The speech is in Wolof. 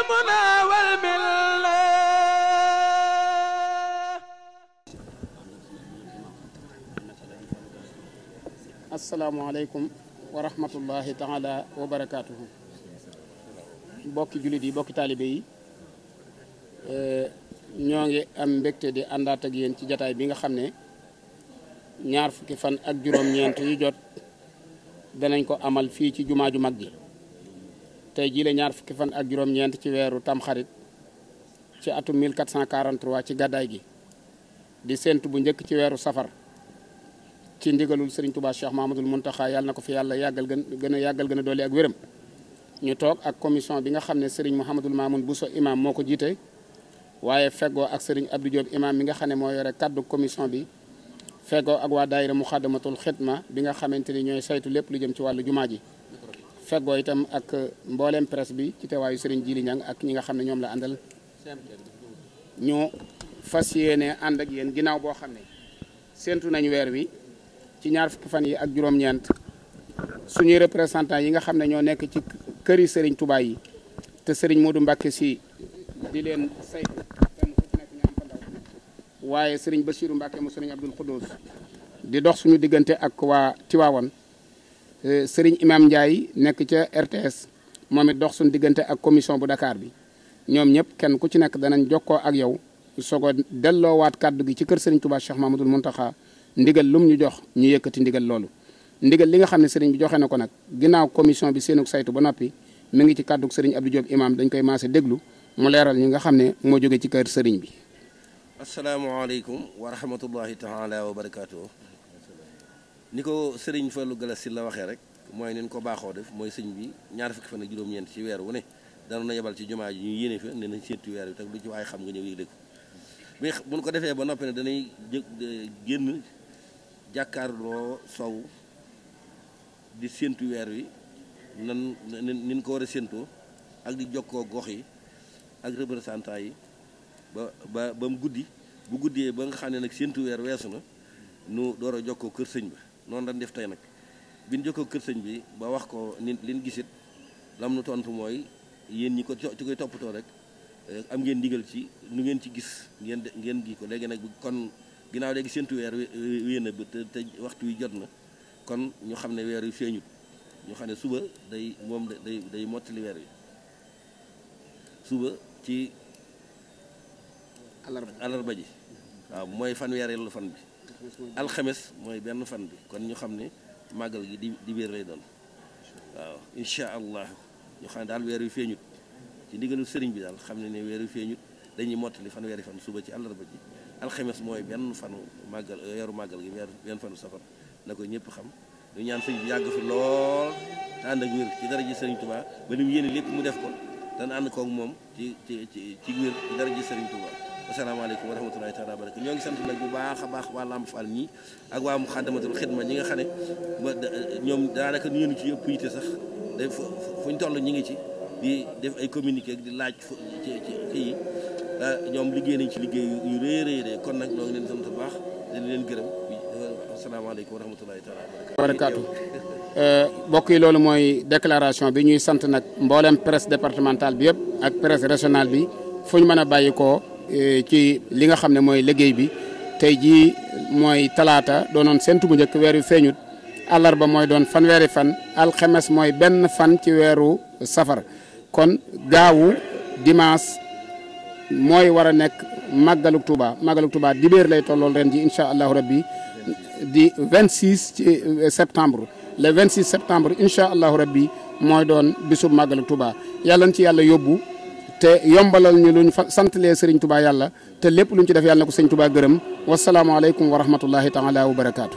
المنى والملة السلام عليكم ورحمة bokki jullit yi bokki taalibe yi ñoo ngi am mbégte di àndaat ak ci jataay bi nga xam ne ñaar fukki fan ak juróom-ñeent yu jot danañ ko amal fii ci jumaa ju mag ji tey jii la ñaar fukki fan ak juróom-ñeent ci weeru tamxarit ci atum 1443 ci gàddaay gi di séentu bu njëkk ci weeru safar ci ndigalul Serigne Touba Cheikh Mahamadul xaa yàlla na ko fi yàlla yàggal gën gën a yàggal gën doole ak wéram ñu toog ak commission bi nga xam ne sëriñ Serigne Mouhamadul Mamoun Bousso imam moo ko jiite waaye feggoo ak Serigne Abdou Diop imam mi nga xam ne moo yore kaddu commission bi feggoo ak waa daayira Muxaddamatul Xidma bi nga xamante ni ñooy saytu lépp lu jëm ci wàllu jumaa ji feggoo itam ak mbooleem presse bi ci teewaayu Serigne Djili Niang ak ñi nga xam ne ñoom la àndal ñu fas yéene ànd ak yéen ginnaaw boo xam ne séentu nañ weer wi ci ñaar fukki fan yi ak juróom-ñeent suñuy représentant yi nga xam ne ñoo nekk ci këri sëriñ Touba yi te Serigne Modou Mbacké si di leen saytu kenn ku ci nekk ñu am fa waaye Serigne Bassirou Mbacké mu Serigne Abdoul Khoudous di dox suñu diggante ak waa Tiwaawan Euh, sëriñ Imaam Ndiaye nekk ca RTS moom it dox suñu diggante ak commission bu dakaar bi ñoom ñëpp kenn ku ci nekk danañ jokkoo ak yow soog a delloowaat kàddu gi ci kër sëriñ Touba Cheikh Mahmadul Muntaxa ndigal lum ñu jox ñu yëkkati ndigal loolu ndigal li nga xam ne sëriñ bi joxee na ko nag ginnaaw commission bi seenug saytu ba noppi mu ngi ci kàddu sëriñ Abdou Diop Imaam dañ koy maase déglu mu leeral ñi nga xam ne moo jóge ci kër sëriñ bi. asalaamaaleykum wa rahmatullahi taala wa barakaatu. ni ko Serigne Fallou Galas si la waxee rek mooy nen ko baaxoo def mooy sëñ bi ñaar fukki fan ak juróom-ñeent ci weer wu ne dana na yebal ci jumaa ji ñu yéene fi ne nañ seetu weer bi te lu ci waaye xam nga ñëw yëg bi buñ ko defee ba noppi danay génn jàkkaarloo sow di séentu weer wi nan nin ko war a séentoo ak di jokkoo gox yi ak représentant yi ba ba ba mu guddi bu guddee ba nga xam ne nag séentu weer weesu na nu door a jokkoo kër sëñ ba noonu lañ def tey nag bi ñu jokkoo kër sëñ bi ba wax ko ni liñ gisit lam nu tontu mooy yéen ñi ko ci koy toppatoo rek eh, am ngeen ndigal ci nu ngeen ci gis ngeen ngeen gi ko léegi nag kon ginnaaw léegi séntu weer wéen a te te waxtu wi jot na kon ñu xam ne weer wi feeñut ñu xam ne suba day moom day day mottali weer wi suba ci alarba ji waaw mooy fanweereelu fan bi alxemes mooy benn fan bi kon ñu xam ne màggal gi di di biir lay doon waaw incha allah ñu xam ne daal weer wi feeñut ci ndigalu sëriñ bi daal xam ne ne weer wi feeñut dañuy mottali fan weeri fan suba ci àllarba ji alxemes mooy benn fanu màggal weeru màggal gi weer benn fanu safar na ko ñëpp xam ñu ñaan sëriñ bi yàgg fi lool te ànd ak wér ci dara sëriñ Tuubaa ba ni mu yéene lépp mu def ko dana ànd koog moom ci ci ci ci wér ci dara sëriñ Tuubaa asalaamaaleykum wa rahmatulahi taala baraka ñoo ngi sant nag bu baax a baax waa Lamp Fall ñii ak waa Muxaddamatul Xidma ñi nga xam ne ba ñoom daanaka ñu ñu ci yëpp yite sax fuñ toll ñi ngi ci def ay communiqué di laaj ah, ñoom liggéey nañ ci liggéey yu rëy rëy kon nag ñoo ngi leen sant bu baax di leen gërëm asalaamaaleykum wa rahmatulahi eh, mbokk yi loolu mooy déclaration bi ñuy sant nag mboolem presse départementale bi yëpp ak presse régionale bi fu mën a bàyyi koo Eh, ci li nga xam ne mooy liggéey bi tey jii mooy talaata doonoon séntu bu njëkk weer yu feeñut àllarba mooy doon fan weeri fan alxemes mooy benn fan ci weeru safar kon gaawu dimanche mooy war a nekk màggaluk Touba màggaluk Touba dibéer lay tollool ren ji incha allahu rabbi di 26 ci eh, septembre le 26 septembre incha allahu rabbi mooy doon bisub màggaluk Touba yàlla na ci yàlla yóbbu. te yombalal ñu luñ fa santalee sëriñ Touba yàlla te lépp luñ ci def yàlla ko sëriñ Touba gërëm wasalaamualeykum wa rahmatullahi taala wa barakaatu.